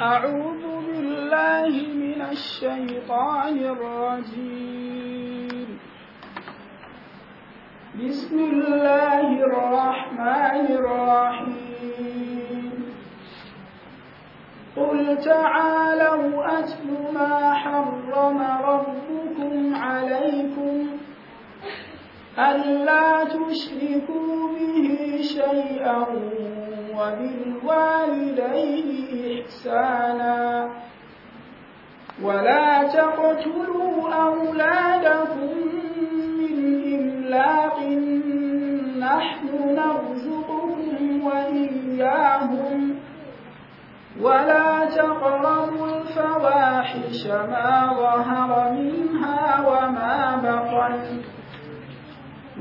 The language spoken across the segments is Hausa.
أعوذ بالله من الشيطان الرجيم بسم الله الرحمن الرحيم قل تعالوا أتل ما حرم ربكم عليكم ألا تشركوا به شيئا وبالوالدين إحسانا ولا تقتلوا أولادكم من إملاق نحن نرزقهم وإياهم ولا تقربوا الفواحش ما ظهر منها وما بطن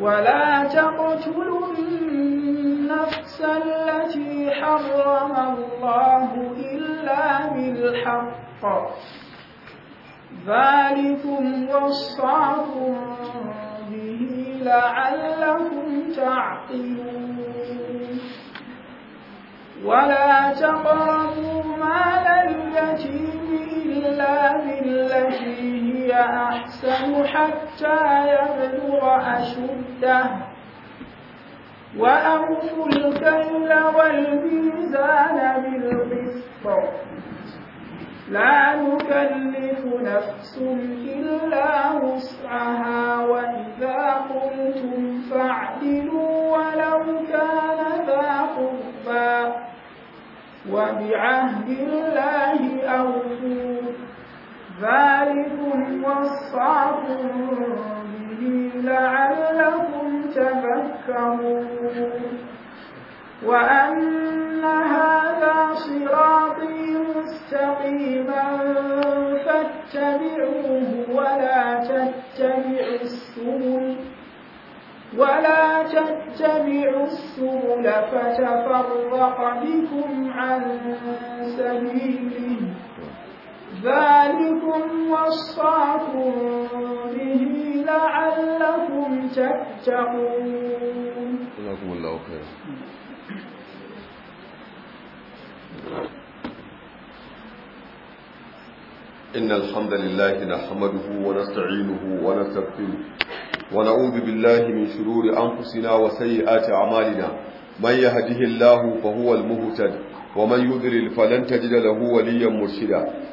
ولا تقتلوا النفس التي حرم الله إلا بالحق ذلكم وصاكم به لعلكم تعقلون ولا تقربوا مال يحسن حتى يبلغ أشده وأوفوا الكيل والميزان بالقسط لا نكلف نفس إلا وسعها وإذا قلتم فاعدلوا ولو كان ذا قربى وبعهد الله أوفوا ذلكم وصعكم به لعلكم تفكرون وأن هذا صراطي مستقيما فاتبعوه ولا تتبعوا السبل ولا تتبعوا السبل فتفرق بكم عن سبيله ذلكم وصاكم به لعلكم تتقون جزاكم الله خير إن الحمد لله نحمده ونستعينه ونستغفره ونعوذ بالله من شرور أنفسنا وسيئات أعمالنا من يهده الله فهو المهتد ومن يذلل فلن تجد له وليا مرشدا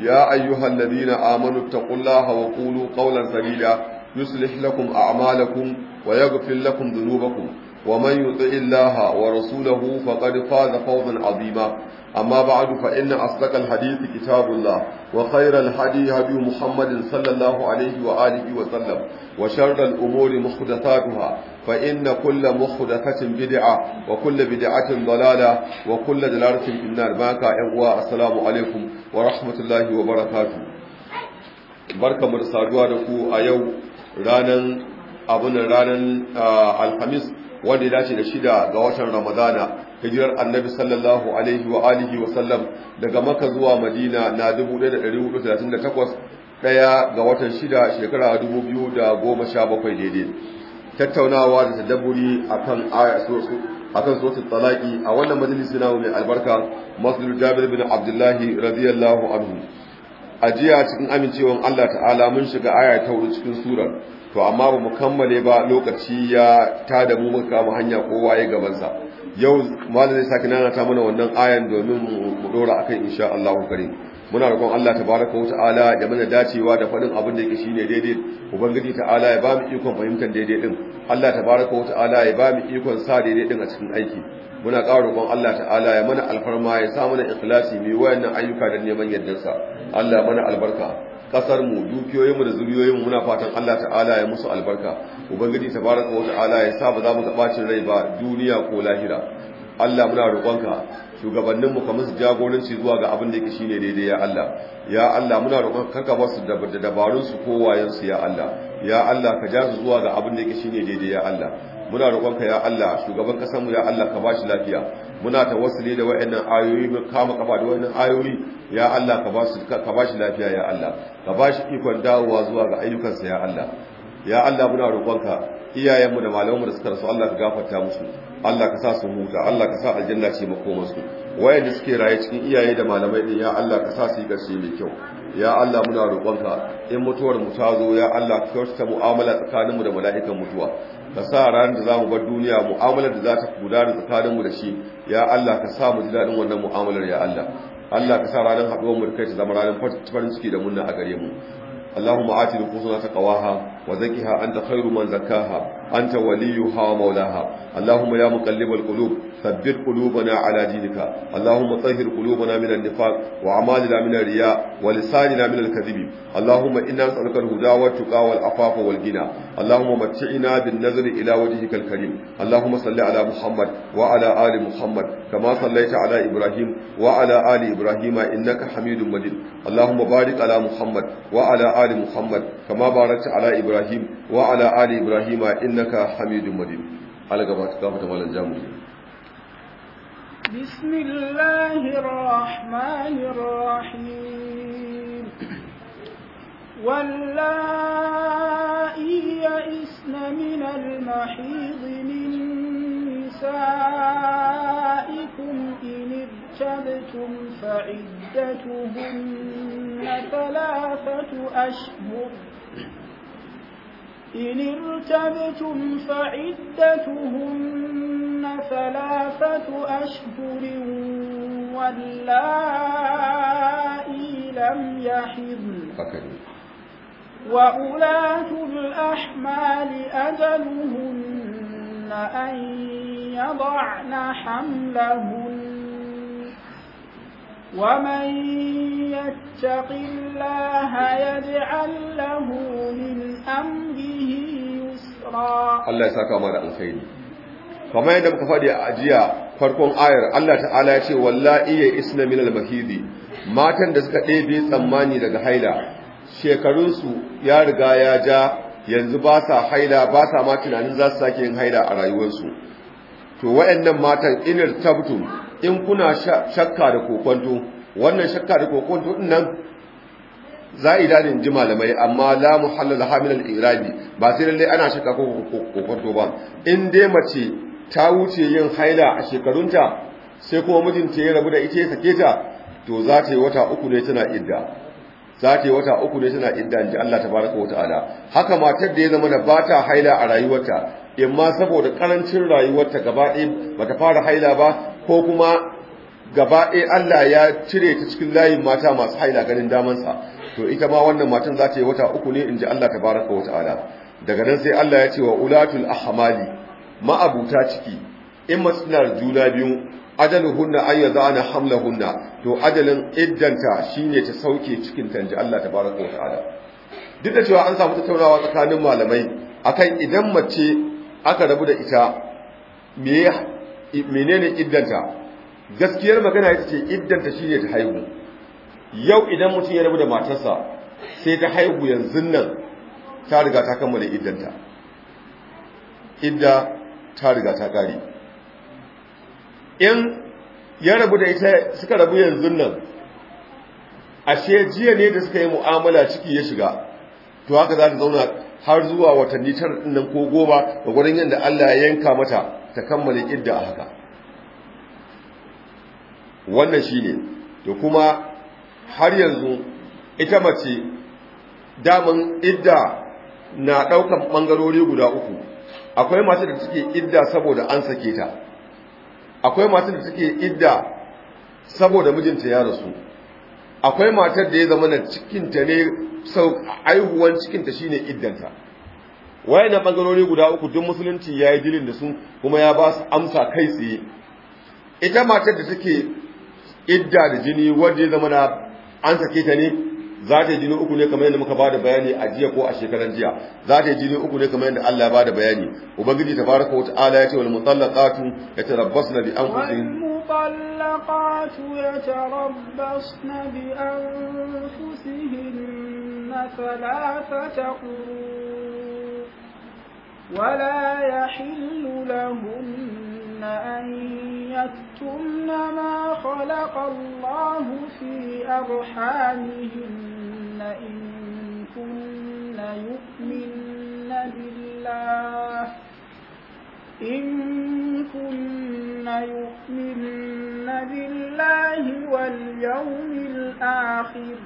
يا أيها الذين آمنوا اتقوا الله وقولوا قولا سديدا يصلح لكم أعمالكم ويغفر لكم ذنوبكم ومن يطع الله ورسوله فقد فاز فوزا عظيما أما بعد فإن أصدق الحديث كتاب الله وخير الحديث هدي محمد صلى الله عليه وآله وسلم وشر الأمور محدثاتها فإن كل محدثة بدعة وكل بدعة ضلالة وكل دلالة في النار ما كان السلام عليكم wa rahmatullahi wa barakatu barka mu da saduwa da ku a yau ranar abin ranar alhamis wanda ya dace da shida ga watan ramadana hijirar annabi sallallahu alaihi wa alihi wa sallam daga maka zuwa madina na 1438 daya ga watan shida shekara 2017 daidai tattaunawa da tadabburi akan ayatu akan su talaki a wannan majalisi na mai albarka masdar Jabir bin Abdullahi radiyallahu anhu ajiya cikin amincewan Allah ta'ala mun shiga aya ta wuri cikin surar to amma ba mu kammale ba lokaci ya ta da mu muka mu hanya kowa ya gaban sa yau malamin sakinana ta mana wannan ayan domin mu dora akan insha Allahu karim muna roƙon Allah tabaraka wa ta'ala ya mana dacewa da faɗin abin da yake shine daidai ubangiji ta'ala ya ba mu ikon fahimtar daidai din Allah tabaraka wa ta'ala ya ba mu ikon sa daidai din a cikin aiki muna ƙara roƙon Allah ta'ala ya mana alfarma ya sa mana ikhlasi mai wayannan ayyuka da neman yardarsa Allah mana albarka kasar mu dukiyoyin mu da zuriyoyin mu muna fatan Allah ta'ala ya musu albarka ubangiji tabaraka wa ta'ala ya sa ba za mu ga bacin rai ba duniya ko lahira Allah muna roƙonka shugabannin mu kamar su jagoranci zuwa ga abin da yake shine daidai ya Allah ya Allah muna roƙon kanka ba su da dabarun su ko wayan su ya Allah ya Allah ka ja su zuwa ga abin da yake shine daidai ya Allah muna roƙonka ya Allah shugaban kasar mu ya Allah ka bashi lafiya muna tawassuli da wayannan ayoyi mu kama kafa da wayannan ayoyi ya Allah ka bashi ka shi lafiya ya Allah ka bashi ikon dawowa zuwa ga ayyukansa ya Allah ya Allah muna roƙonka iyayenmu da malamanmu da suka rasu Allah ka gafarta musu Allah ka sa su huta Allah ka sa aljanna ce makomarsu wayanda suke raye cikin iyaye da malamai din ya Allah ka sa su yi gaske mai kyau ya Allah muna roƙonka in mutuwar mu ta zo ya Allah ka kyautata mu'amala tsakanin mu da mala'ikan mutuwa ka sa ranar da zamu bar duniya mu'amalar da za ta gudana tsakanin mu da shi ya Allah ka sa mu ji daɗin wannan mu'amalar ya Allah Allah ka sa ranar haɗuwar mu da kai ta zama ranar farin ciki da munna a gare mu اللهم آت نفوسنا تقواها وزكها أنت خير من زكاها أنت وليها ومولاها اللهم يا مقلب القلوب ثبت قلوبنا على دينك اللهم طهر قلوبنا من النفاق وأعمالنا من الرياء ولساننا من الكذب اللهم إنا نسألك الهدى والتقى والعفاف والغنى اللهم متعنا بالنظر إلى وجهك الكريم اللهم صل على محمد وعلى آل محمد كما صليت على إبراهيم وعلى آل إبراهيم إنك حميد مجيد اللهم بارك على محمد وعلى آل محمد كما باركت على إبراهيم وعلى آل إبراهيم إنك حميد مجيد على قبعتك فتا مالا جامل بسم الله الرحمن الرحيم واللائي يئسن من المحيض من نسائكم إن ارتبتم فعدتهن ثلاثة أشهر إن ارتبتم فعدتهن هن ثلاثة أشهر واللائي لم يحضن وأولاة الأحمال أجلهن أن يضعن حملهن ومن يتق الله يجعل له من أمره يسرا الله يساك أمر الخير kamar yadda muka faɗi a jiya farkon ayar Allah ta'ala ya ce wallahi ya isna min al-mahidi matan da suka ɗebe tsammani daga haila shekarunsu ya riga ya ja yanzu ba sa haila ba sa ma tunanin za su sake yin haila a rayuwarsu to wayannan matan inar tabtum in kuna shakka da kokonto wannan shakka da kokonto din nan za'ida ji malamai amma la muhallal hamil al-irabi ba sai lalle ana shakka ko kokonto ba in dai mace ta wuce yin haila a shekarunta sai kuma mijinta ya rabu da ita ya sake ta to za ta yi wata uku ne tana idda za ta yi wata uku ne tana idda inji Allah tabaraka ta'ala. haka matar da ya zama da bata haila a rayuwarta in saboda karancin rayuwarta gaba ɗaya bata fara haila ba ko kuma gaba ɗaya Allah ya cire ta cikin layin mata masu haila ganin damansa to ita ma wannan matan za ta yi wata uku ne inji Allah tabaraka ta'ala. daga nan sai Allah ya ce wa ulatul ahmali ma'abuta ciki in masu da juna biyu ajalin hunna za a na hamla hunna to ajalin iddanta shine ta sauke cikin tanji Allah ta baraka wa ta'ala duk da cewa an samu tattaunawa tsakanin malamai akan idan mace aka rabu da ita menene iddanta gaskiyar magana ita ce iddanta shine ta haihu yau idan mutum ya rabu da matarsa sai ta haihu yanzu nan ta riga ta kammala iddanta idda ta riga ta kare in ya rabu da ita suka rabu yanzu nan ashe jiya ne da suka yi mu'amala ciki ya shiga to haka za ta zauna har zuwa watanni tar nan ko goma ga gurin yadda Allah ya yanka mata ta kammala idda a haka wannan shine Da kuma har yanzu ita mace daman idda na daukan bangarori guda uku akwai masu da suke idda saboda an sake ta akwai masu da suke idda saboda mijinta ya rasu akwai matar da ya zama na cikinta ne sau aihuwan cikinta shine iddanta waye na bangarori guda uku duk musulunci ya yi dilin da su kuma ya ba su amsa kai tsaye ita matar da take idda da jini wadda ya zama na an sake ta ne za ta yi jini uku ne kamar yadda muka ba da bayani a jiya ko a shekaran jiya za ta yi jini uku ne kamar yadda Allah ya bada bayani ubangiji tabaraka wa ta'ala yace wal mutallaqatu yatarabbasna bi anfusihin المطلقات يتربصن بأنفسهن ثلاثة قروء ولا يحل أن يكتمن ما خلق الله في أرحامهن إن كن يؤمن بالله إن كن يؤمن بالله واليوم الآخر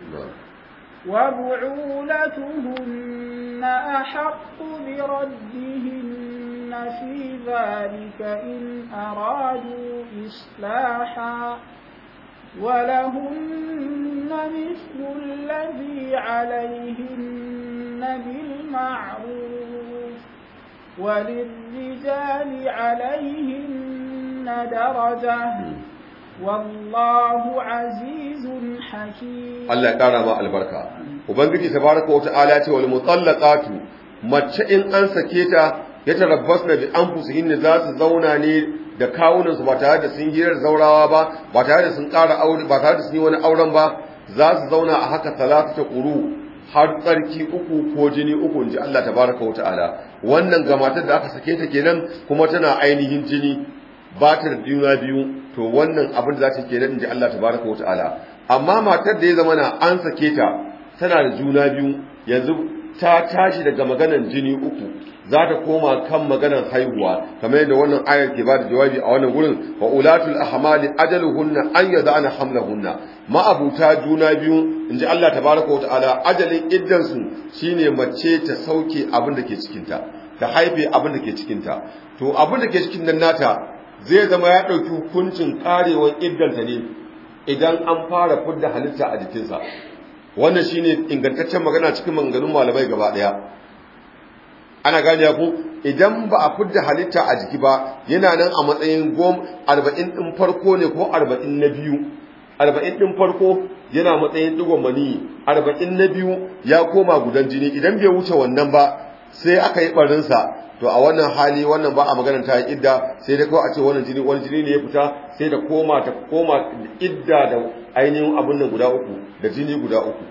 وبعولتهن أحق بردهن يفعلن في ذلك إن أرادوا إصلاحا ولهن مثل الذي عليهن بالمعروف وللرجال عليهن درجة والله عزيز حكيم الله يقرأ مع البركة وبنجي تبارك وتعالى والمطلقات mace in an sake ta ya tarabbas na bi anfusihin za su zauna ne da kawunansu ba tare da sun girar zaurawa ba ba tare da sun ƙara aure ba tare da sun yi wani auren ba za su zauna a haka talatu ta ƙuru har tsarki uku ko jini uku in ji Allah baraka wa ta'ala wannan ga matar da aka sake ta kenan kuma tana ainihin jini ba ta da juna biyu to wannan abin da za ta kenan ji Allah baraka wa ta'ala amma matar da ya zama na an sake ta tana da juna biyu yanzu ta tashi daga maganan jini uku za ta koma kan maganan haihuwa kamar yadda wannan ayar ke ba da jawabi a wannan gurin wa ulatul ahmali ajaluhunna an ana hamlahunna ma'abuta juna biyu ji Allah tabaraka wataala ajalin iddan shine mace ta sauke abin da ke cikinta, ta haife abin da ke cikin to abin da ke cikin nan nata zai zama ya ɗauki hukuncin karewar iddanta ne idan an fara fudda halitta a jikinsa wannan shine ingantaccen magana cikin manganin malamai gaba daya ana gane ku idan ba a fidda halitta a jiki ba yana nan a matsayin gom 40 din farko ne ko 40 na biyu 40 din farko yana matsayin digon mani 40 na biyu ya koma gudan jini idan bai wuce wannan ba sai aka yi barinsa to a wannan hali wannan ba a magana ta idda sai dai kawai a ce wannan jini wani jini ne ya fita sai da koma ta koma idda da ainihin abin nan guda uku da jini guda uku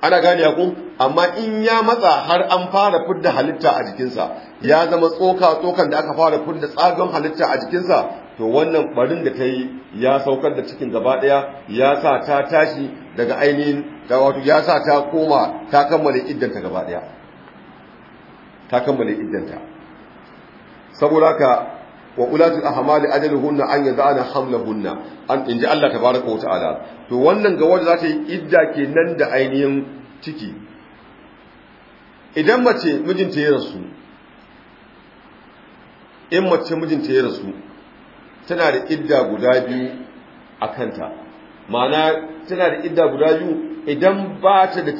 ana gane ya amma in ya matsa har an fara fidda halitta a jikinsa ya zama tsoka tsokan da aka fara fidda tsagon halitta a jikinsa to wannan barin da ta yi ya saukar da cikin gaba ɗaya ya sa ta tashi daga ainihin wato ya sa ta koma ta kammala iddanta gaba ɗaya ta kammala iddanta saboda ka wa ulatu ahmali ajaluhunna an yad'ana hamlahunna an inji Allah tabaraka wa ta'ala to wannan ga wanda zata yi idda kenan da ainihin ciki idan mace mijinta ya rasu in mace mijinta ya rasu tana da idda guda biyu a kanta ma'ana tana da idda guda biyu idan ba ta da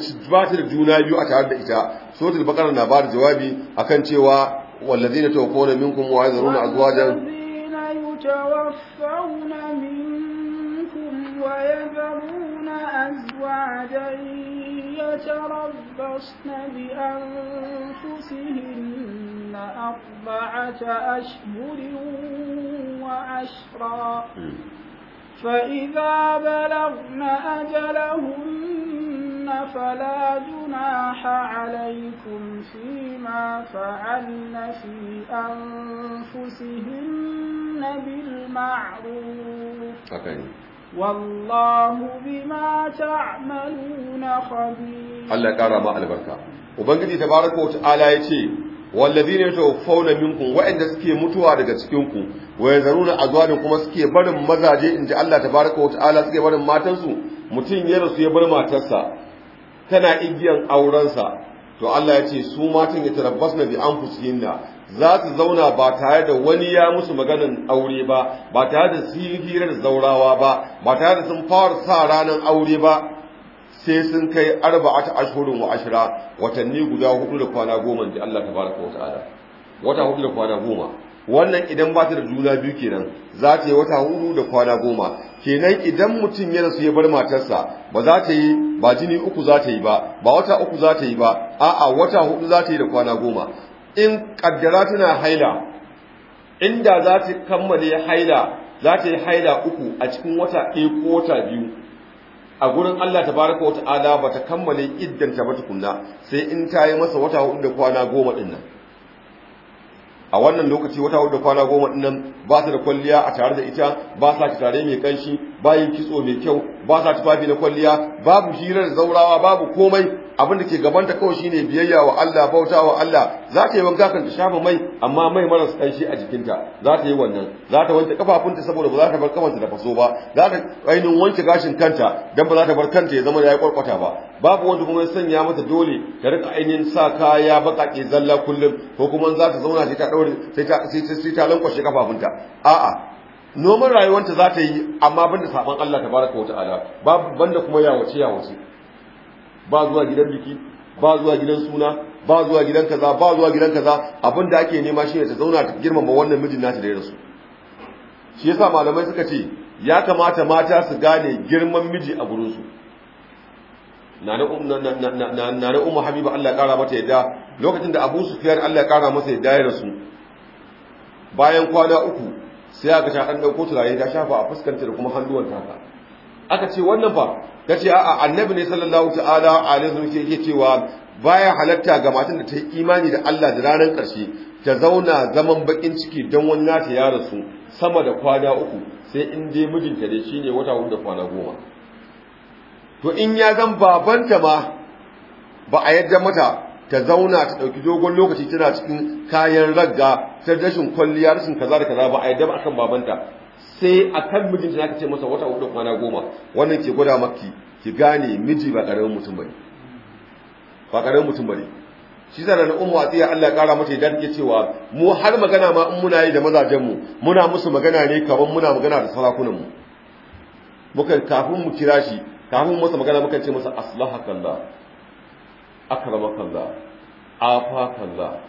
juna biyu a tare da ita ta bakar na ba da jawabi akan cewa wallazina tawaffawna minkum wa yazruna azwajan يتوفون منكم يتربصن أربعة أشهر وعشرا فإذا بلغن أجلهن فلا جناح عليكم فيما فعلن في أنفسهن بالمعروف okay. والله بما تعملون خبير الله كرم البركة وبنجد تبارك وتعالى يتي والذين يتوفون منكم وان suke mutuwa daga cikin ku wa yazaruna azwajin kuma suke barin mazaje inji Allah tabaaraka wa ta'ala suke barin matansu mutum ya rasu ya bar matarsa tana igiyan aurensa to Allah yace su matan ya tarabbasna bi anfusihinna za su zauna ba tare da wani ya musu maganan aure ba ba tare da su hirar zaurawa ba ba tare da sun fara sa ranar aure ba sai sun kai arba'ata ashhurun wa ashra watanni guda hudu da kwana goma ji Allah tabaraka wa ta'ala wata hudu da kwana goma wannan idan ba ta da juna biyu kenan za ta yi wata hudu da kwana goma kenan idan mutum yana su ya bar matarsa ba za ta yi ba jini uku za ta yi ba ba wata uku za ta yi ba a'a wata hudu za ta yi da kwana goma in kaddara tana haila inda za ta kammale haila za ta yi haila uku a cikin wata ɗaya ko wata biyu a gurin Allah ta baraka wata ala ba ta kammale ta ba tukunna sai in ta yi masa wata hudu da kwana goma din nan a wannan lokaci wata hudu da kwana goma din nan ba ta da kwalliya a tare da ita ba sa tare mai kanshi bayin kitso mai kyau ba sa tufafi na kwalliya babu hirar zaurawa babu komai abin da ke gabanta kawai shine biyayya wa Allah bauta wa Allah za ta yi wanka kan ta shafa mai amma mai maras kanshi a jikinta za ta yi wannan za ta wanke kafafunta saboda ba za ta bar kafanta da faso ba za ta ainihin wanke gashin kanta dan ba za ta bar kanta ya zama da ya kwarkwata ba babu wanda kuma ya sanya mata dole ta rika ainihin sa kaya baƙaƙe, zalla kullum ko kuma za ta zauna sai ta ɗaure sai ta sai ta lankwashe kafafunta a'a noman rayuwanta za ta yi amma banda sabon Allah tabaraka wa ta'ala babu banda kuma yawace yawace ba zuwa gidan biki ba zuwa gidan suna ba zuwa gidan kaza ba zuwa gidan kaza abin da ake nema shine ta zauna ta girmama wannan mijin nata da ya rasu shi yasa malamai suka ce ya kamata mata su gane girman miji a gurin su umm, na umma habiba Allah ya kara mata yadda lokacin da Abu Sufyan Allah ya kara masa yadda ya rasu bayan kwana uku sai aka ta dan dauko tulaye ta shafa a fuskanta da kuma hannuwan ta ka. aka ce wannan ba ta ce a'a annabi ne sallallahu ta'ala alaihi wasallam yake cewa baya halatta ga matan da ta yi imani da Allah da ranar ƙarshe ta zauna zaman bakin ciki don wani nata ya rasu sama da kwana uku sai in dai mijinta dai shine wata hudu da kwana goma to in ya zan babanta ma ba a yadda mata ta zauna ta ɗauki dogon lokaci tana cikin kayan ragga ta rashin kwalliya rashin kaza da kaza ba a yadda ba akan babanta sai a kan mijinta za ka ce masa wata hudu kwana goma wannan ke gwada maki ki gane miji ba ƙaramin mutum bane ba ƙaramin mutum bane shi zana na umu a tsaye Allah ƙara mata idan ke cewa mu har magana ma in muna yi da mazajenmu muna musu magana ne kamar muna magana da sarakunanmu mukan kafin mu kira shi kafin masa magana mukan ce masa aslaha kalla akrama kalla afa kalla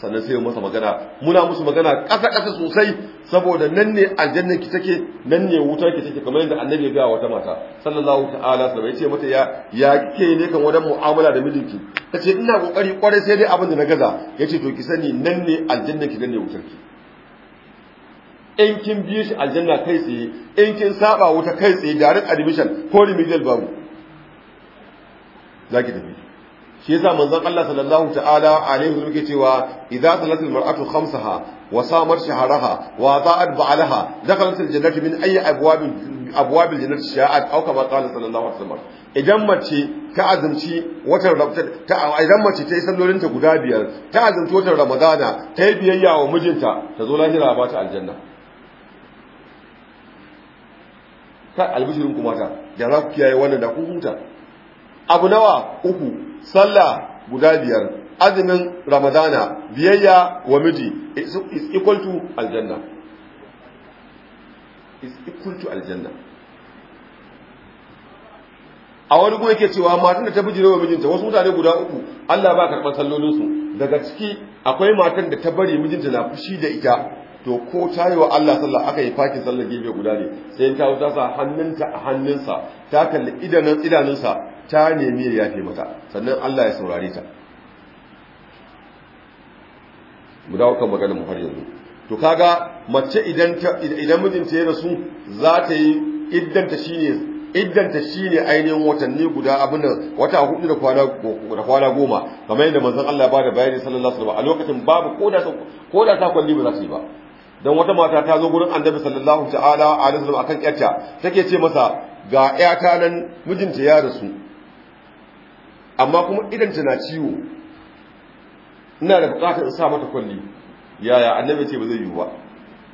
sannan sai masa magana muna musu magana ƙasa ƙasa sosai saboda nan ne aljanna ki take nan ne wuta ki take kamar yadda annabi ya ga wata mata sallallahu ta'ala sallallahu ya ce mata ya ya kike ne kan wadan mu'amala da mijinki tace ina kokari kwarai sai dai abin da na gaza Ya ce to ki sani nan ne aljanna ki nan ne wutar ki in kin biye shi aljanna kai tsaye in kin saba wuta kai tsaye direct admission ko remedial babu zaki tafi shi yasa manzon Allah sallallahu ta'ala alaihi wasallam yake cewa idza salat almar'atu khamsaha wa samat shahraha wa ta'at ba'laha dakhalat aljannata min ayyi abwabin abwabil jannati sha'at aw kama qala sallallahu alaihi wasallam idan mace ta azumci watan ta idan mace ta yi sallolin ta guda biyar ta azumci watan ramadana ta yi biyayya wa mijinta ta zo lahira ba ta aljanna ta albishirin kuma ta da za ku kiyaye wannan da ku huta abu nawa uku sallah guda biyar azumin ramadana biyayya wa miji is equal to aljanna is equal to aljanna a wani kuma yake cewa matan da ta bijire wa mijinta wasu mutane guda uku Allah ba karɓar sallolinsu daga ciki akwai matan da ta bari mijinta na fushi da ita to ko ta yi wa Allah sallah aka yi fakin sallar gefe guda ne sai ta wuta sa hannunta a hannunsa ta kalli idanun idanunsa ta nemi ya yafe mata sannan Allah ya saurari ta guda kan magana mu har yanzu to kaga mace idan idan mijinta ya rasu za ta yi iddanta shine iddanta shine ainihin watanni guda abin da wata hudu da kwana da kwana goma kamar yadda manzon Allah ya bada bayani sallallahu alaihi wasallam a lokacin babu koda koda ta kwalli ba za ta yi ba dan wata mata ta zo gurin annabi sallallahu ta'ala alaihi wasallam akan yarta take ce masa ga ta nan mijinta ya rasu amma kuma idan tana ciwo ina da bukatar in sa mata kwalli yaya annabi ce ba zai yiwu ba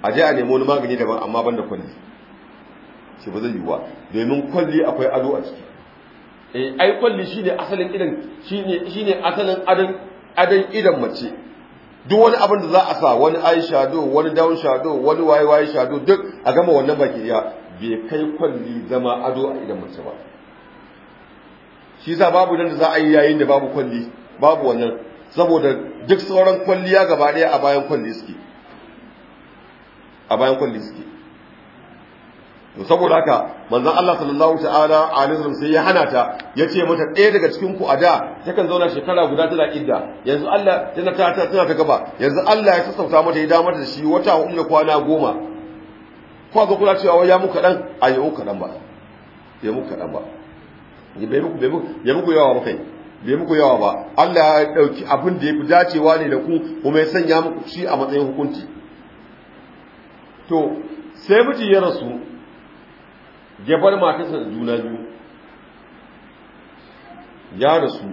a je a nemo wani magani daban amma ban da kwalli ce ba zai yiwu ba domin kwalli akwai ado a ciki eh ai kwalli shine asalin idan shine shine asalin adan adan idan mace duk wani abin da za a sa wani eye shadow wani down shadow wani waye waye shadow duk a gama wannan baki ya bai kai kwalli zama ado a idan mace ba shi yasa babu nan da za a yi yayin da babu kwalli babu wannan saboda duk sauran kwalliya gaba daya a bayan kwalli suke a bayan kwalli suke to saboda haka manzon Allah sallallahu ta'ala alaihi wasallam sai ya hana ta yace mata ɗaya daga cikin ku a da takan zauna shekara guda tana idda yanzu Allah tana ta tana ta gaba yanzu Allah ya sassauta mata ya damar da shi wata uku da kwana goma ko ga kula cewa ya muka dan ayi uku kadan ba ya muka kadan ba bai ku yawa ba kai bai ku yawa ba Allah ya dauki abin da ya fi dacewa ne da ku kuma ya sanya muku shi a matsayin hukunci to sai miji ya rasu ya bar matarsa da juna biyu ya rasu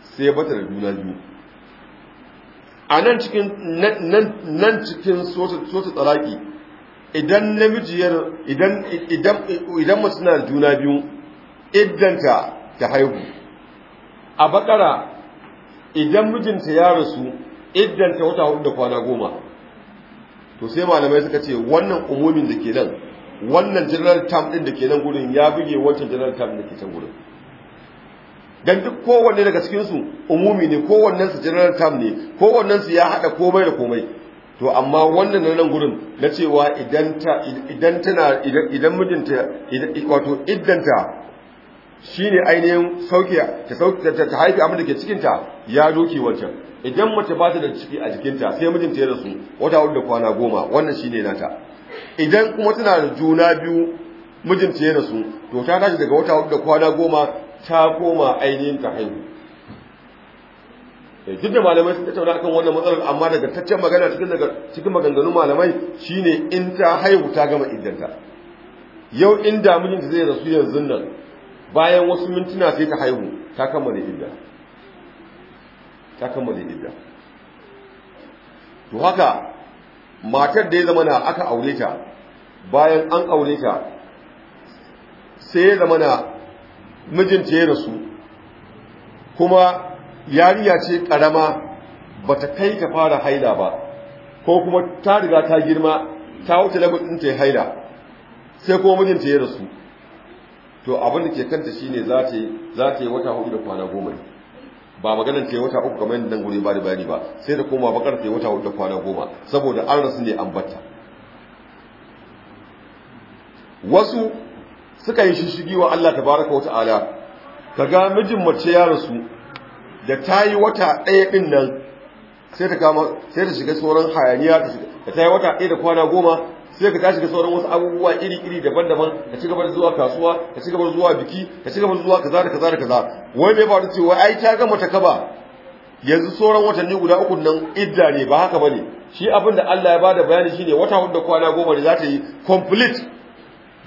sai ya bata da juna biyu a nan cikin nan cikin sosa tsaraki idan namiji idan mace na da juna biyu iddanta ta haihu a bakara idan mijinta ya rasu iddanta wata hudu da kwana goma to sai malamai suka ce wannan umumin da ke nan wannan general term din da ke nan gudun ya buge wancan general term da ke can gudun don duk kowanne daga cikinsu su umumi ne kowannensu su general term ne kowannensu ya hada komai da komai to amma wannan na nan gudun na cewa idan idan mijinta wato iddanta Shi ne ainihin sauke ta haifi abin da ke cikinta ya doke wancan idan mace ba ta da ciki a jikinta sai mijinta ya rasu wata wadda da kwana goma wannan shi ne nata idan kuma tana da juna biyu mijinta ya rasu to ta tashi daga wata wadda da kwana goma ta koma ainihin ta haihu eh, duk da malamai sun tattauna akan wannan matsalar amma daga taccen magana cikin maganganun malamai shine in ta haihu ta gama iddanta yau in da mijinta zai rasu yanzu nan bayan wasu mintuna sai ta haihu ta kammala idda ta kammala idda to haka matar da ya zama na aka aure ta bayan an aure ta sai ya zama na mijinta ya rasu kuma yariya ce karama ta kai ta fara haila ba ko kuma ta riga ta girma ta wuce labar ɗin ta haila sai kuma mijinta ya rasu to abin da ke kanta shine za ta za ta yi wata hudu da kwana goma ne ba maganar ta yi wata uku kamar nan guri ba da bayani ba sai da koma bakar ta yi wata hudu da kwana goma saboda an rasu ne an batta wasu suka yi shishigi wa Allah tabaraka wa ta'ala ga mijin mace ya rasu da ta yi wata ɗaya ɗin nan sai ta shiga sauran hayaniya ta ta yi wata ɗaya da kwana goma sai ka tashi ga sauran wasu abubuwa iri-iri daban-daban ka ci gaba da zuwa kasuwa ka ci gaba da zuwa biki ka ci gaba da zuwa kaza da kaza da kaza wai bai faru cewa ai ta gama ta kaba yanzu sauran watanni guda uku nan idda ne ba haka bane shi abin da Allah ya bada bayani shine wata hudu da kwana goma ne za ta yi complete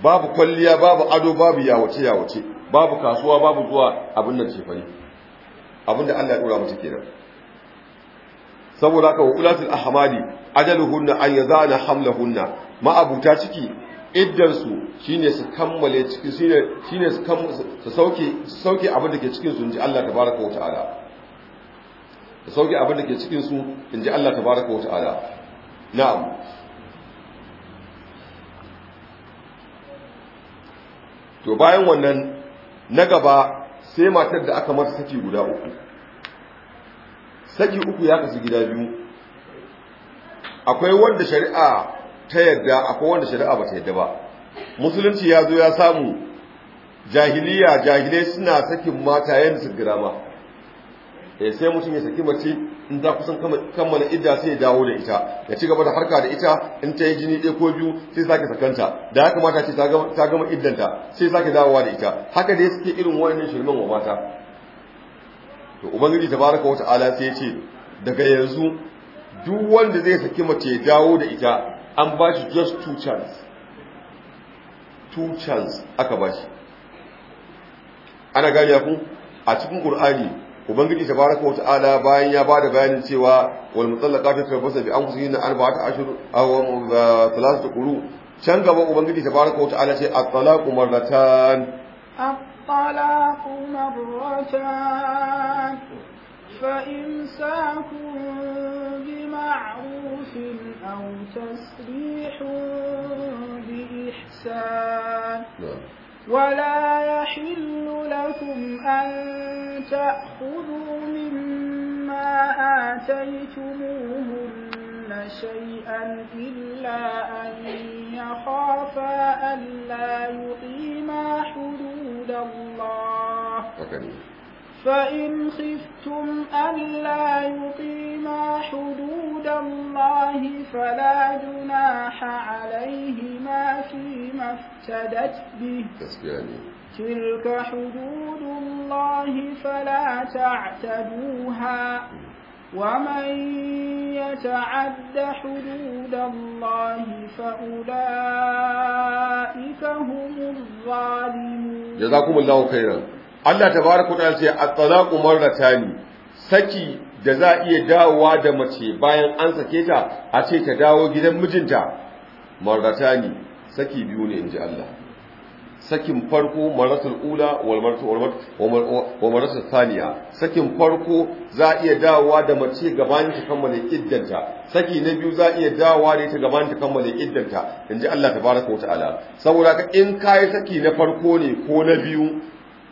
babu kwalliya babu ado babu yawace yawace babu kasuwa babu zuwa abin nan ce fari abin da Allah ya dora mata kenan saboda haka wa ulatul ahmadi ajaluhunna an yazana hamlahunna ma abuta ciki iddan su shine su kammale ciki shine shine su kam su sauke su sauke abin da ke cikin su inji Allah tabaraka wa ta'ala su sauke abin da ke cikin su inji Allah tabaraka wa ta'ala na'am to bayan wannan na gaba sai matar da aka mata saki guda uku saki uku ya kasu gida biyu akwai wanda shari'a ta yarda akwai wanda shari'a ba ta yarda ba musulunci ya zo ya samu jahiliya jahilai suna sakin mata yadda su girama ya eh, sai mutum ya saki mace in za kusan kammala idda sai ya dawo da ita ya ci gaba da harka da ita in ta yi jini ɗaya ko biyu sai sake sakanta da haka mata ce ta gama iddanta sai sake dawowa da ita haka dai suke irin wani shirman wa mata to ubangiji tabaraka wa ta'ala sai ya daga yanzu duk wanda zai saki mace ya dawo da ita an ba shi just two chance two chances aka ba shi ana gani ku a cikin qur'ani ubangiji tabaraka wa ta'ala bayan ya bada bayanin cewa wal mutallaqatu tarabbasu bi anfusihinna arba'ata ashhur aw uh, thalathatu quru can gaba ubangiji tabaraka wa ta'ala sai at-talaqu marratan الطلاق مرتان فإمساك بمعروف أو تسريح بإحسان ولا يحل لكم أن تأخذوا مما آتيتموهن شيئا إلا أن يخافا ألا يقيما حدود إلى الله فإن خفتم ألا يقيما حدود الله فلا جناح عليهما فيما افتدت به تلك حدود الله فلا تعتدوها ومن يتعد حدود الله فأولئك هم الظالمون جزاكم الله خيرا Allah tabaraka ta'ala ce at-talaqu marratani saki da za iya dawowa da mace bayan an sake ta a ce ta dawo gidan mijinta marratani saki biyu ne inji Allah sakin farko marasul ula wa marasul saniya sakin farko za a iya dawowa da mace gaban ta kammala iddanta saki na biyu za a iya dawowa da ita gaban ta kammala iddanta inji Allah tabaraka wa ta'ala saboda ka in kayi saki na farko ne ko na biyu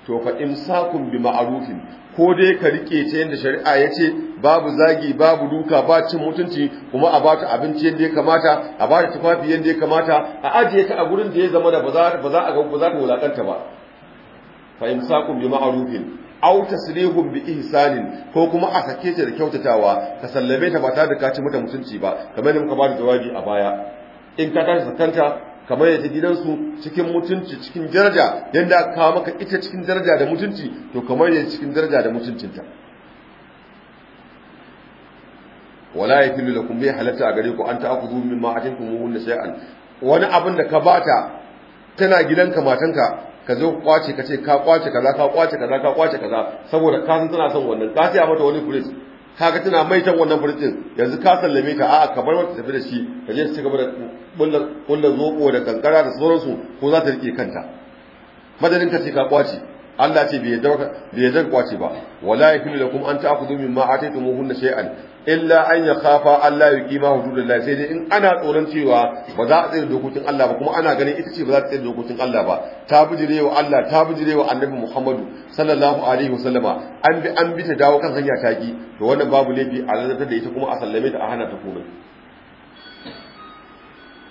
to fa imsakum bi ma'rufin ko dai ka rike ta yanda shari'a yace babu zagi babu duka ba cin mutunci kuma a bata abinci yanda ya kamata a bata tufafi yanda ya kamata a ajiye ta a gurin da ya zama da ba za a ga ba za ta wulakanta ba fa imsakum bi ma'rufin aw tasrihum bi ihsanin ko kuma a sake ta da kyautatawa ka sallame ta ba ta da ci mata mutunci ba kamar da muka ba da jawabi a baya in ka tashi zakanta kamar ya ta gidansu cikin mutunci cikin daraja yadda aka kawo maka ita cikin daraja da mutunci to kamar yadda cikin daraja da mutuncinta wala yakillu lakum bi halatta a gare ku an ta'khudhu mimma atinkum sai shay'an wani abin da ka bata tana gidanka matanka ka zo kwace ka ce ka kwace kaza ka kwace kaza ka kwace kaza saboda ka san tana son wannan ka ce mata wani police kaga tana mai can wannan furtin yanzu ka sallame ta a'a kamar bar wata tafi da shi ka je ci gaba da kullu zobo da kankara da sauransu ko za ta rike kanta madadin ta ce ka kwaci Allah ce bai yadda bai yadda ba wala yakunu lakum an ta'khudhu mimma ataytumuhunna shay'an illa an ya khafa Allah ya kima Allah sai dai in ana tsoron cewa ba za a da dokokin Allah ba kuma ana ganin ita ce ba za ta da dokokin Allah ba ta bijire wa Allah ta bijire wa Annabi Muhammadu sallallahu alaihi wasallama an bi an bi ta dawo kan hanya ta ki to wannan babu laifi a lalatar da ita kuma a sallame ta a hana ta komai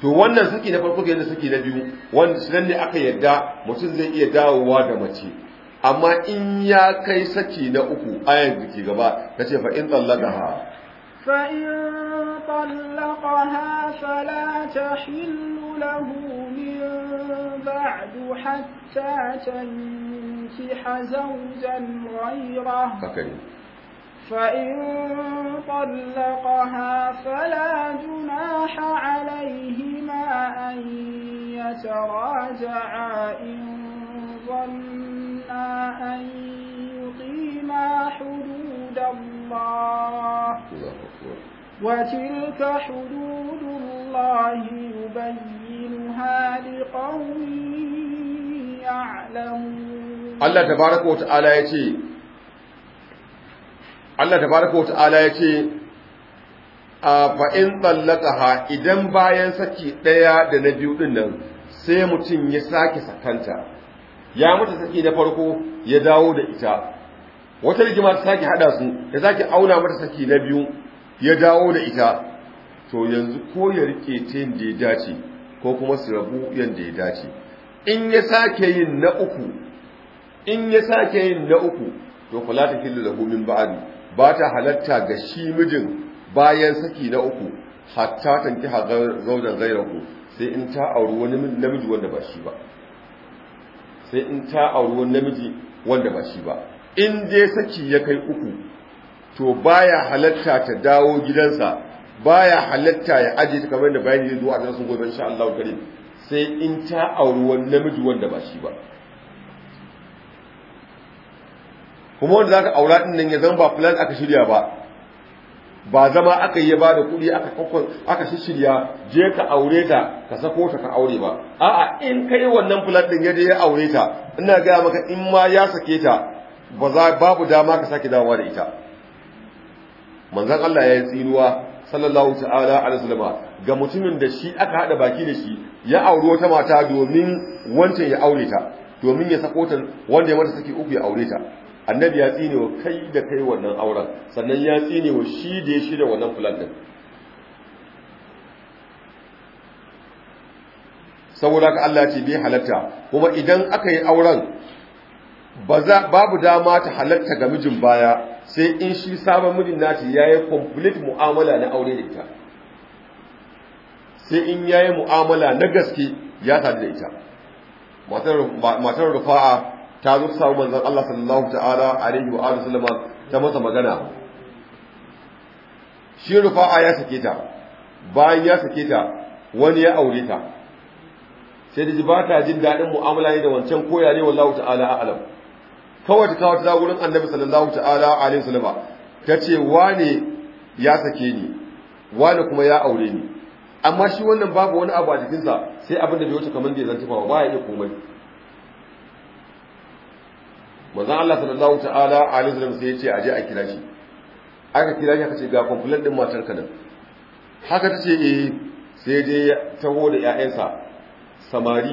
to wannan suke na farko yadda suke na biyu wanda sunan ne aka yadda mutum zai iya dawowa da mace amma in ya kai saki na uku ayan da ke gaba ta ce in tsallaka ha فإن طلقها فلا تحل له من بعد حتى تنكح زوجا غيره فإن طلقها فلا جناح عليهما أن يتراجعا إن ظنا أن يقيما حدود الله وتلك حدود الله يبينها لقوم يعلمون الله تبارك وتعالى يتي الله تبارك وتعالى يتي fa in idan bayan saki ɗaya da na biyu ɗin sai mutum ya sake sakanta ya mutu saki na farko ya dawo da ita wata rigima ta sake haɗa su ya sake auna mata saki na biyu ya dawo da ita to yanzu ko ya rike ta yadda ya dace ko kuma su rabu da ya dace in ya sake yin na uku in ya sake yin na uku to kula ta killa lahu min ba'di ba ta halatta ga shi mijin bayan saki na uku hatta ki hagar zaujan gairaku sai in ta auri wani namiji wanda ba shi ba sai in ta auri wani namiji wanda ba shi ba in dai saki ya kai uku to baya halatta ta dawo gidansa baya halatta ya aje ta kamar da bayan zuwa a nan gobe insha Allah kare sai in ta auri wani namiji wanda ba shi ba kuma wanda zaka aura din nan ya zama ba plan aka shirya ba ba zama aka yi ba da kuɗi aka kokon aka shirya je ka aure ta ka sako ta ka aure ba a'a in kai wannan plan din ya ya aure ta ina gaya maka in ma ya sake ta ba babu dama ka sake dawowa da ita manzon Allah ya yi tsiruwa sallallahu ta'ala alaihi ga mutumin da shi aka haɗa baki da shi ya auri wata mata domin wancan ya aure ta domin ya sako ta wanda ya mata saki uku ya aure ta annabi ya tsine wa kai da kai wannan auren sannan ya tsine wa shi da ya shirya wannan fulan saboda ka Allah ce bai halatta kuma idan aka yi auren babu dama ta halatta ga mijin baya sai in shi sabon mijin nati ya yi complete mu'amala na aure da ita sai in ya yi mu'amala na gaske ya sadu da ita matar rufa'a ta zo sabon manzan Allah sallallahu ta'ala alaihi wa alihi ta masa magana shi rufa'a ya sake ta bayan ya sake ta wani ya aure ta sai da ji ba ta jin daɗin mu'amala ne da wancan koya ne wallahu ta'ala a'lam kawai ta ta gurin annabi sallallahu ta'ala alaihi wasallam ta ce wane ya sake ni wane kuma ya aure ni amma shi wannan babu wani abu a jikinsa sai abin da bai wuce kamar da ya zanci ba ba ya iya komai manzon Allah sallallahu ta'ala alaihi wasallam sai ya ce aje a kira shi aka kira shi aka ce ga complaint din matar ka nan haka tace eh sai dai taho da ƴaƴansa samari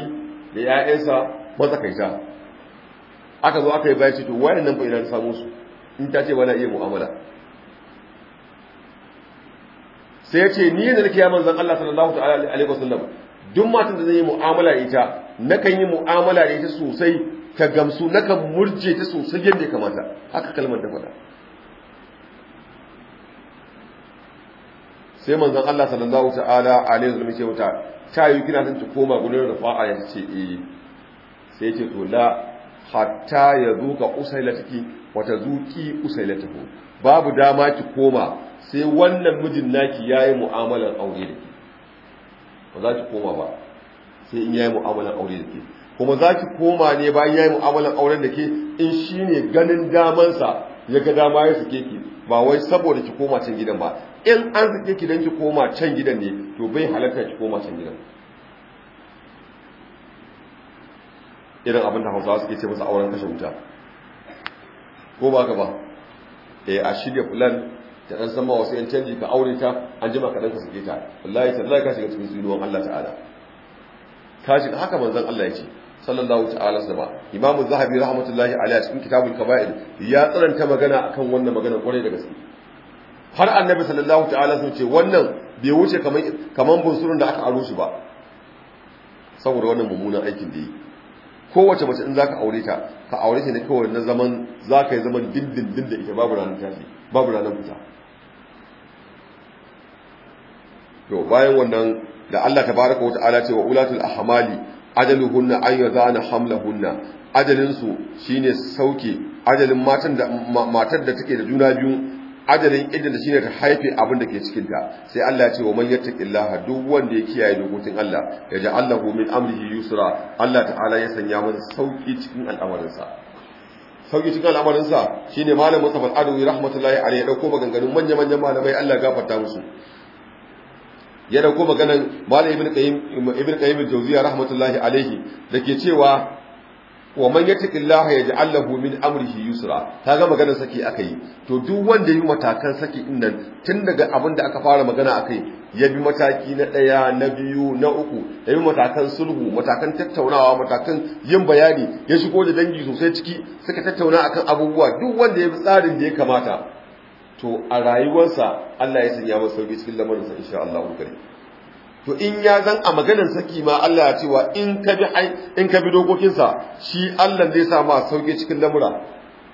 da ƴaƴansa matsakaita aka zo aka yi bayan cito wayan nan ina na samu su in ta ce ba na iya mu'amala sai ya ce ni yanzu zarki ya manzan Allah sallallahu alaihi wasallam duk matan da zai yi mu'amala ita kan yi mu'amala da ita sosai ta gamsu na kan murje ta sosai yadda ya kamata haka kalmar da faɗa sai manzan Allah sallallahu alaihi wasallam ce wata ta yi kina san ta koma da fa'a ya ce eh sai ya ce to la hatta ya zuka usailatiki wata zuki usailatahu babu dama ki koma sai wannan mijin naki yayi mu'amalan aure da ke ba za ki koma ba sai in yayi mu'amalan aure da ke kuma za ki koma ne bayan yayi mu'amalan auren da ke in shine ganin damansa ya ga dama ya suke ki ba wai saboda ki koma can gidan ba in an suke ki dan ki koma can gidan ne to bai halatta ki koma can gidan irin abin da hausawa suke ce masa auren kashe wuta ko ba ka ba yi eh, a shirya fulan ta ɗan sama wasu yan canji ka aure ta an jima ka ka suke ta wallahi zai ka ga cikin sunan Allah ta'ala ka da haka manzan Allah ya ce sallallahu ta'ala ba imamu zahabi rahmatullahi alaihi cikin kitabun kaba'il ya tsananta magana akan wannan magana kwarai da gaske har annabi sallallahu ta'ala sun ce wannan bai wuce kaman bunsurun da aka aro shi ba saboda wannan mummunan aikin da yi kowace mace in za ka aure ta ka aure ta ne kawai na zaman za ka yi zaman dindindin da ita babu ranar tafi, babu ranar fita to bayan wannan da Allah Ta wata ala ce wa ulatul ahmali ajaluhunna an hamla hamlahunna ajalin su shine sauke ajalin matan da matar da take da juna biyu ajalin shi shine ta haife abin da ke cikin ta sai Allah ya ce wa man yattaqillaha duk wanda ya kiyaye dokokin Allah ya Allahu min amrihi yusra Allah ta'ala ya sanya masa sauki cikin al'amarin sa sauki cikin al'amarin sa shine malam Mustafa Adawi rahmatullahi alayhi ya dauko maganganun manyan manyan malamai Allah gafarta musu ya dauko maganan malam Ibn Qayyim Ibn Qayyim Jawziya rahmatullahi alayhi dake cewa wa man Allah yaj'al lahu min amrihi yusra ta ga maganar saki akai to duk wanda yi matakan saki din nan tun daga abin da aka fara magana akai ya bi mataki na daya na biyu na uku ya bi matakan sulhu matakan tattaunawa matakan yin bayani ya shigo da dangi sosai ciki suka tattauna akan abubuwa duk wanda ya bi tsarin da ya kamata to a rayuwarsa Allah ya sanya masa sauki cikin lamarinsa insha Allah kare to in ya zan a maganar saki ma Allah ya wa in ka bi in ka bi dokokinsa shi Allah zai sa ma sauke cikin lamura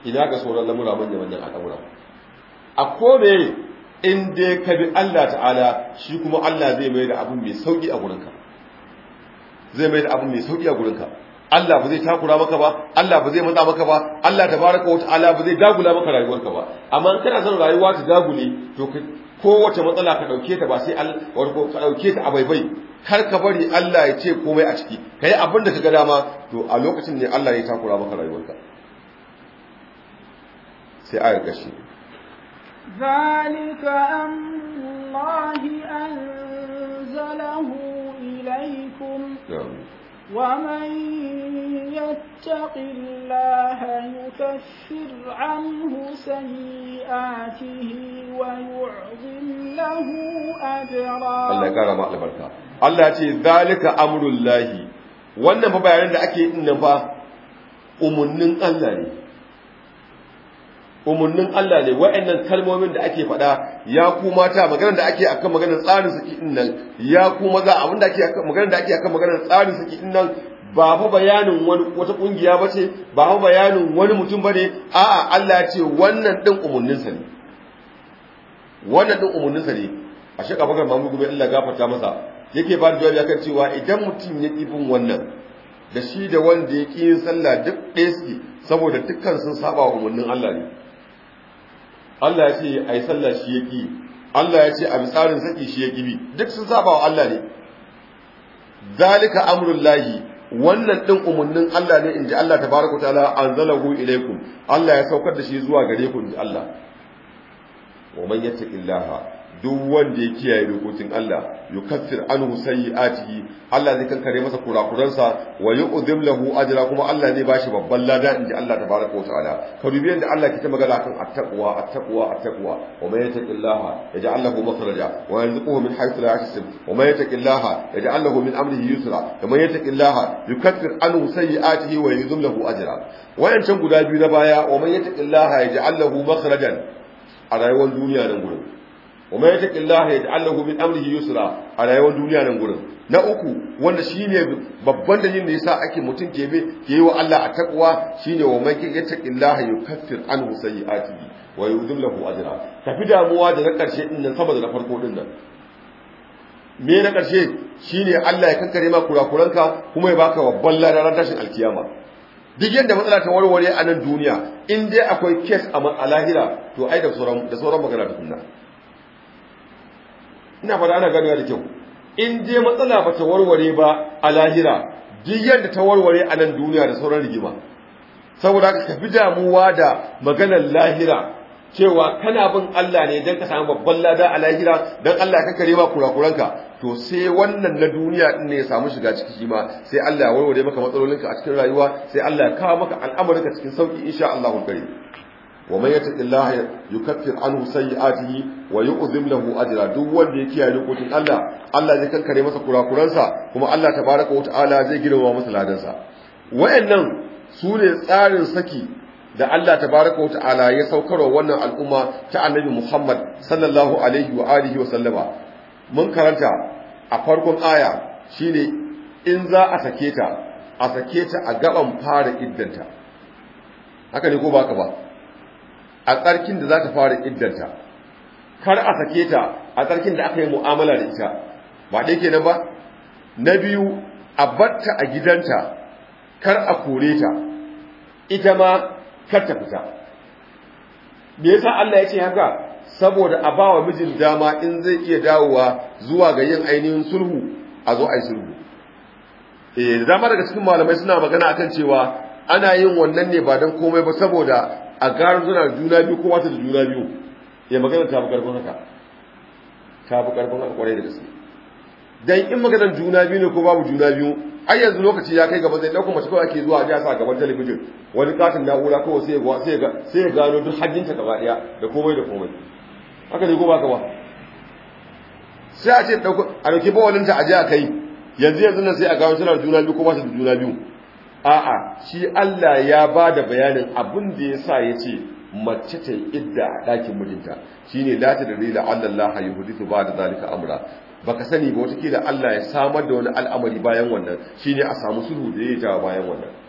ina ga sauran lamura manya manyan al'amura a kome in dai ka bi Allah ta'ala shi kuma Allah zai mai da abin mai sauki a gurinka zai mai da abin mai sauki a gurinka Allah ba zai takura maka ba Allah ba zai matsa maka ba Allah tabaraka wa ta'ala ba zai dagula maka rayuwarka ba amma in kana son rayuwa ta dagule to kowace matsala ka dauke ta ba sai warko ka dauke ta a bai kar ka bari Allah ya ce komai a ciki kai abin da ga dama to a lokacin ne Allah ya takura maka rayuwarka sai aya gashi zalika amrullahi anzalahu ilaykum ومن يتق الله يكفر عنه سيئاته ويعظم له أجرا الله يكرم البركة الله يقول ذلك أمر الله wannan fa bayanan da ake yin nan fa umunnin Allah ne umurnin Allah ne wa'annan kalmomin da ake faɗa ya ku mata maganar da ake akan maganar tsarin suke din nan ya ku maza abin da ake akan maganar da ake akan maganar tsarin suke din nan ba fa bayanin wani wata kungiya ce, ba fa bayanin wani mutum ba ne. a'a Allah ya ce wannan din umarnin sa ne wannan din umarnin sa ne a shi bakar mamu gobe Allah gafarta masa yake ba da jawabi akan cewa idan mutum ya bin wannan da shi da wanda ya ƙi yin sallah duk ɗaya suke saboda dukkan sun saba wa umarnin Allah ne Allah ya ce ai sallah shi yake Allah ya ce a tsarin saki shi yake bi duk sun saba wa Allah ne zalika amrullahi wannan ɗin umarnin Allah ne in ji Allah tabaraka taala anzalahu ilaikum Allah ya saukar da shi zuwa gare ku inji Allah wa man yattaqillaha duk wanda ya kiyaye dokokin Allah yukaffir anhu sayyi'atihi Allah zai kankare masa kurakuransa wa yu'dhim lahu ajra kuma Allah zai bashi babban lada inji Allah tabaraka wa ta'ala ka dubi yanda Allah ke ta magana kan at-taqwa at-taqwa at-taqwa wa man yattaqillaha yaj'al lahu makhraja wa yarzuquhu min haythu la yahtasib wa man yattaqillaha yaj'al lahu min amrihi yusra wa man yattaqillaha yukaffir anhu sayyi'atihi wa yu'dhim lahu ajra wayancan guda biyu na baya wa man yattaqillaha yaj'al lahu makhrajan a rayuwar duniya nan gurin wa man yattaqillaha yaj'alhu min amrihi yusra a rayuwar duniya nan gurin na uku wanda shine babban dalilin da yasa ake mutum ke ke yi wa Allah a takwa shine wa man yattaqillaha yukaffir anhu sayi'atihi wa yudhillahu ajra tafi damuwa da na karshe din nan saboda na farko din nan me na karshe shine Allah ya kankare ma kurakuranka kuma ya baka babban ladan rashin alkiyama duk yadda matsala ta warware a nan duniya in dai akwai kes a lahira to ai da sauran da sauran ina fara ana gani da kyau in je matsala ba ta warware ba a lahira duk da ta warware a nan duniya da sauran rigima saboda haka ka fi damuwa da maganar lahira cewa kana bin Allah ne don ka samu babban lada a lahira don Allah ka kare ma kurakuranka to sai wannan na duniya din ne ya samu shiga ciki shi ma sai Allah ya warware maka matsalolinka a cikin rayuwa sai Allah ya kawo maka al'amarinka cikin sauki insha Allahu karim ومن يتق الله يكفر عنه سيئاته ويؤذم له اجرا duk wanda ya kiyaye dokokin Allah Allah zai kankare masa kurakuransa kuma Allah tabaraka wa ta'ala zai girma masa ladansa wayannan sune tsarin saki da Allah tabaraka wa ta'ala ya saukarwa wannan al'umma ta Annabi Muhammad sallallahu alaihi wa alihi wa sallama mun karanta a farkon aya shine in za a sake ta a sake ta a gaban fara iddanta haka ne ko baka ba a tsarkin da za ta fara iddanta kar a sake ta a tsarkin da aka yi mu'amala da ita ba ɗaya nan ba na biyu a batta a gidanta kar a kore ta ita ma kar ta fita me yasa Allah ya ce haka saboda a ba wa mijin dama in zai iya dawowa zuwa ga yin ainihin sulhu a zo a yi sulhu eh dama daga cikin malamai suna magana akan cewa ana yin wannan ne ba don komai ba saboda a garin suna juna biyu ko wata da juna biyu ya magana ta fi karfin haka ta fi karfin haka kwarai da gaske dan in maganar juna biyu ne ko babu juna biyu ai yanzu lokaci ya kai gaba zai dauko mace kawai ake zuwa a jasa gaban talabijin wani katin na'ura kawai sai ya sai ga sai gano duk hajjinta gaba daya da komai da komai haka ne ko ba kawa sai a ce dauko a dauki bawalin ta a je a kai yanzu yanzu nan sai a gano suna juna biyu ko ba su da juna biyu a'a shi Allah ya ba da bayanin abin da ya sa ya ce mace ta idda a ɗakin mijinta shine la ta dalila Allah ya ta ba da zalika amra baka sani ba wata kila Allah ya samar da wani al'amari bayan wannan Shi ne a samu sulhu da ya jawa bayan wannan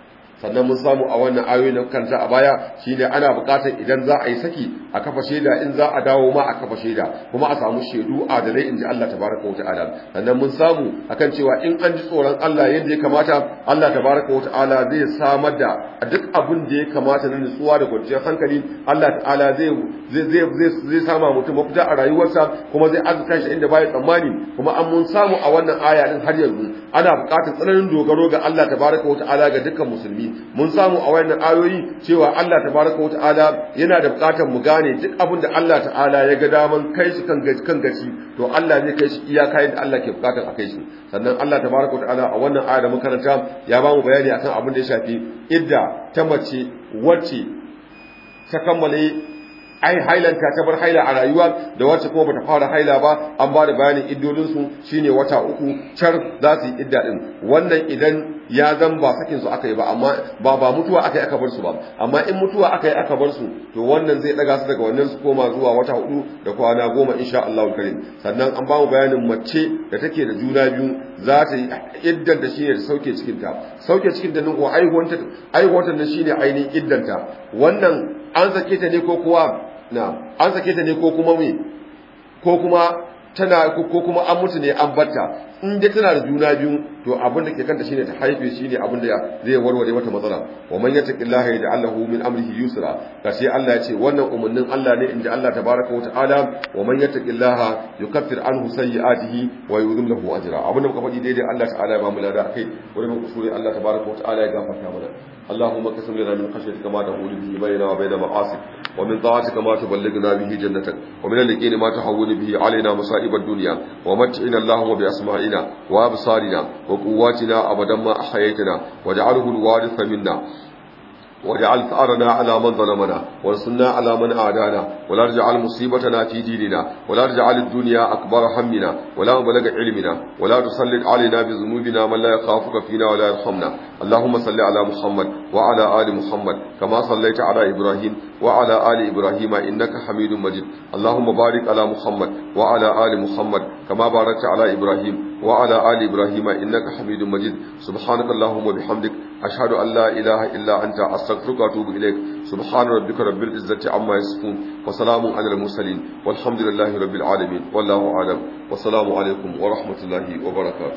sannan mun samu a wannan ayoyi na kanta a baya shine ana buƙatar idan za a yi saki a kafa shaida in za a dawo ma a kafa shaida kuma a samu shaidu adalai inji Allah tabaraka wa ta'ala sannan mun samu akan cewa in an ji tsoron Allah yadda ya kamata Allah tabaraka wa ta'ala zai samar da duk abin da ya kamata na nutsuwa da kwanciyar hankali Allah ta'ala zai zai zai zai sama mutum mafita a rayuwarsa kuma zai azuka shi inda baya tsammani kuma an mun samu a wannan aya din har yanzu ana buƙatar tsananin dogaro ga Allah tabaraka wa ta'ala ga dukkan musulmi mun samu a wayannan ayoyi cewa Allah tabaraka wataala yana da bukatar mu gane duk abin da Allah ta'ala ya ga daman kai shi kan gaci kan gaci to Allah zai kai shi iyaka da Allah ke bukatar a kai shi sannan Allah tabaraka wataala a wannan aya da mun karanta ya ba mu bayani akan abin da ya shafi idda ta mace wacce ta kammale ai hailan ta bar haila a rayuwa da wacce kuma bata fara haila ba an ba da bayanin su shine wata uku char za su yi idda din wannan idan ya zan ba sakin su aka yi ba amma ba ba mutuwa aka yi aka bar su ba amma in mutuwa aka yi aka bar su to wannan zai daga su daga wannan su koma zuwa wata hudu da kwana goma insha Allah karim sannan an ba mu bayanin mace da take da juna biyu za ta yi iddan da shine da sauke cikin ta sauke cikin da nan ko ta aihuwanta nan shine ainihin iddanta wannan an sake ta ne ko kuwa na an sake ta ne ko kuma mai ko kuma tana ko kuma an mutu ne an batta in dai tana da juna biyu to abin da ke kanta shine ta haife shine abin da zai warware mata matsala wa man yattaqillaha yaj'al lahu min amrihi yusra Ka kashi Allah ya ce wannan umarnin Allah ne inda Allah tabaraka ta'ala. wa man yattaqillaha yukaffir anhu sayyi'atihi wa yuzim lahu ajra abin da muka faɗi daidai Allah ta'ala ya ba mu lada akai wani mun kusuri Allah tabaraka ta'ala ya gafarta mana اللهم اقسم لنا من خشيتك ما تحول به بيننا وبين معاصيك ومن طاعتك ما تبلغنا به جنتك ومن اليقين ما تحول به علينا مصائب الدنيا ومتعنا اللهم بأسمائنا أسماعنا وأبصارنا وقواتنا أبدا ما أحييتنا واجعله الوارث منا واجعل ثأرنا على من ظلمنا وانصرنا على من أعدانا ولا تجعل مصيبتنا في ديننا ولا تجعل الدنيا أكبر همنا ولا مبلغ علمنا ولا تسلط علينا بذنوبنا من لا يخافك فينا ولا يرحمنا اللهم صل على محمد وعلى آل محمد كما صليت على إبراهيم وعلى آل إبراهيم إنك حميد مجيد اللهم بارك على محمد وعلى آل محمد كما باركت على إبراهيم وعلى آل إبراهيم إنك حميد مجيد سبحانك اللهم وبحمدك أشهد أن لا إله إلا أنت أستغفرك وأتوب إليك سبحان ربك رب العزة عما يصفون وسلام على المرسلين والحمد لله رب العالمين والله أعلم والسلام عليكم ورحمة الله وبركاته